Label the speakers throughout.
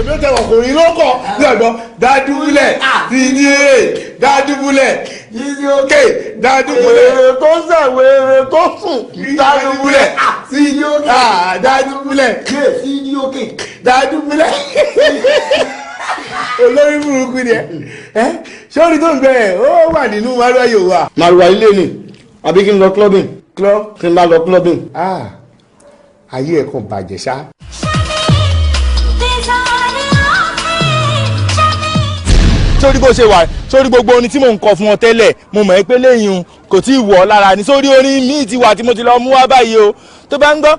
Speaker 1: èmi ò tẹ̀wọ̀ kò rí lọ́kọ̀ ní ọ̀dọ́ dádúbúlẹ̀ dìdíye ah. dádúbúlẹ̀ dìdíye dádúbúlẹ̀ èrè tó sẹ̀wé èrè tó sùn dádúbúlẹ̀ dìdíye dádúbúlẹ̀ dìdíye dádúbúlẹ̀ olórí burúkú ni ẹ sọ́ọ́ni tó ń bẹ̀ ẹ́ ó wà nínú maruwa yóò wà. maruwa ilé ni àbí kí n lọ clubbing. club kí n bá lọ clubbing. Ah, ayé ẹ̀ kan bàjẹ́ ṣá. sórí bó ṣe wà sórí gbogbo orin tí mò ń kọ fún ọ tẹ́lẹ̀ mo mọ̀ ẹ́ pé lẹ́yìn kò tí ì wọ̀ ọ́ lára ní sórí orin míì ti wà tí mo ti lọ mú wá báyìí o tó bá ń gbọ́.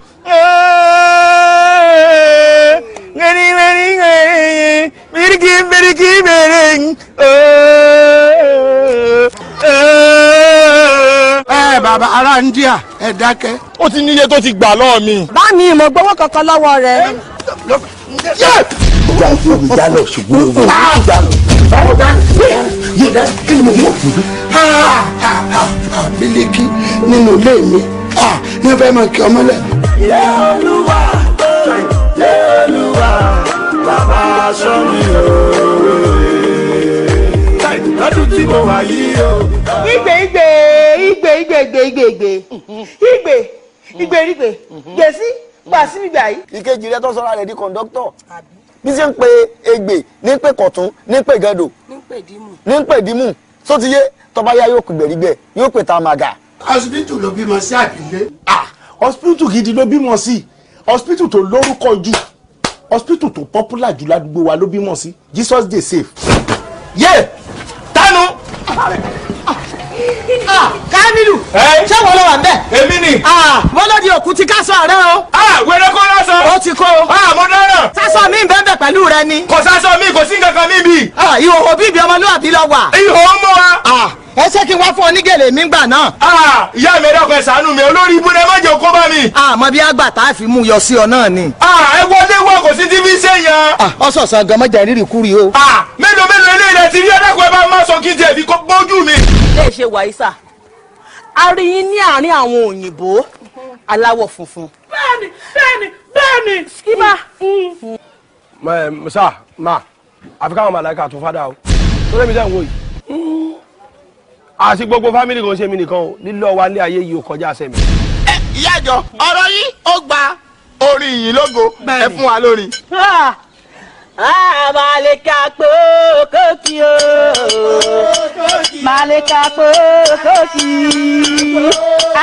Speaker 1: bíríkì bíríkì bèrè ẹ bàbá ará ń díà ẹ dákẹ́. ó ti níye tó ti gbà lọ́ọ̀ mi. bá mi ìmọ̀ gbowó kankan lọ́wọ́ rẹ̀. jẹ́ ìjà ìjà lọ ṣùgbọ́n ìjà lọ ọ̀dà yọ̀dà kí ni mo mọ̀ fún mi. Bílíkì nínú ilé mi ní fẹ́ máa kí ọmọ lẹ̀. Ilé olúwa ilé olúwa bàbá aṣọ mi ooo. Lọ́dún tí mo wà yìí o. Igbe igbe igbe igbe igbe igbe igbe igbe igbe igbe gbèsè gbàsí gbà yìí. Ìkejì rẹ tó sọ́ra rẹ̀ di kọ̀ńdọ́tọ̀. Àbí bí ṣe ń pe egbè ní pè kọ̀tún ní pè gàdò ní pè dímù tó ti yé tọ́ba yá yóò pè gbèrígbè yóò pè tàmàgà. ọsibítù ló bímọ sí àbílé. ọsibítù gidi ló bímọ sí Hospital tó lórúkọ jù hospital tó popular jù ládùúgbò wa ló bímọ sí jesus dey safe. yé tánú. Ah, kamilu ṣé wọ́n lọ wà ń bẹ̀. èmi ni. wọ́n ah, lọ di òkú ti ká sọ àárẹ̀ o wẹ́rẹ́ kọ́ lọ́sọ. ó ti kó. àmọ́ ah, dáná. sásọ mi bẹ́ẹ̀ bẹ̀ pẹ̀lú rẹ ni. kò sásọ mi kò sí nǹkan kan mi bì. Ah, ìhòòhò bíbi ọmọlúwàbí lọ wà. ìhòòhò mọ́ wa ah, ẹ ṣé kí n wá fún onígèlè mi gbà náà. ìyá mi ẹ̀dọ́kọ̀ ẹ̀ sànú mi olórí ibùdó ẹ má jẹ́ kó bá mi. àmọ́ bí àgbà tá a fi mú yọ sí ọ náà ni. ẹ wọlé wọ kò sí tí fi ṣe yan. ọ̀sọ̀ọ̀sọ̀ gan mọ́jà rírì kúrì o. mélòó mélòó eléyìí rẹ ti rí ẹ̀dọ́kọ̀ ẹ bá má sọ kí n tiẹ̀ fi gbójú mi. ilé ìṣe wàyísà a rí yín ní àárín àwọn òyìnbó aláwọ̀ funfun bẹ́ẹ̀ni bẹ́ẹ̀ni bẹ́ẹ̀ni. skipper. ẹ musa ma àfi káwọn màláìka tó fada o tó lẹ́mi sẹ́yìn wò yìí mm. àti gbogbo fámìlì kan ṣe mí nìkan o lílọ wa lé ayé yìí ò kọjá sẹ́mi. ẹ eh, ìyá ìjọ ọ̀rọ̀ yìí ó gba orin yìí lógo ẹ fún wa lórin. Ah, Màlẹ́ka pé kókì o. Màlẹ́ka pé kókì.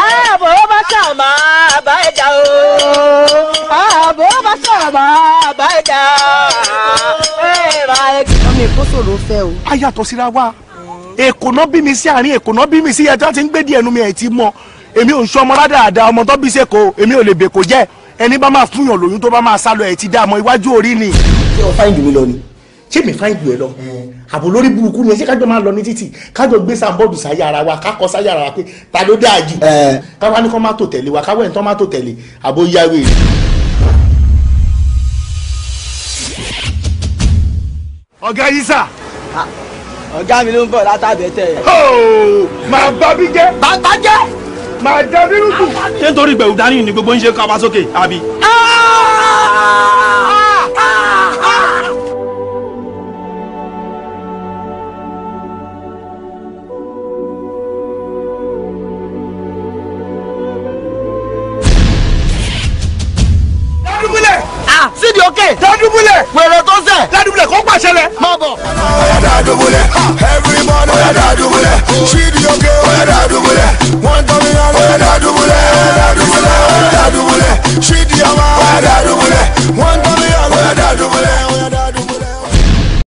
Speaker 1: Ààbò bá ẹ̀dá ẹ̀rà ẹ̀dá. ọmọ èkó sòrò fẹ́ o. a yàtọ̀ síra wa èkó náà bí mi sí àárín èkó náà bí mi sí ẹjọ́ tí ń gbé díẹ̀ nu mi ẹ̀ ti mọ èmi ò ń sọ ọmọ ládàáda ọmọ tó bí sèkó èmi ò lè bèkó jẹ́ ẹni bá máa fúnyàn lóyún tó bá máa sá lọ ti dá àmọ́ iwájú orí ni. ṣé o fáìndì mi lọ ni ṣé mi fáìndì ẹ lọ àbò lórí burúkú ni ṣé kájọ máa lọ ní títì kájọ gbé sambọọdù sáyà ara wa kákọ sáyà ara wa pé ta ló dáa jù káwa ní kọ́ má tò tẹ̀lé wa káwé ní tọ́ má tò tẹ̀lé àbò yáwé ọ̀gá yìí sà. ọ̀gá mi ló ń bọ̀ látàbẹ̀tẹ̀. máa bá bí jẹ́. bàbá jẹ́. máa dá nínú kù. ṣé nítorí ìgbẹ̀rù dání ni gbogbo ń ṣe kápá sókè àbí. Ah, sídìí òkè. dádúbúlẹ̀. wẹ̀rẹ̀ tó sẹ̀. dádúbúlẹ̀ káàbọ̀. ọ̀yàdá dùbúlẹ̀ every morning ọ̀yàdá dùbúlẹ̀ ṣídìí.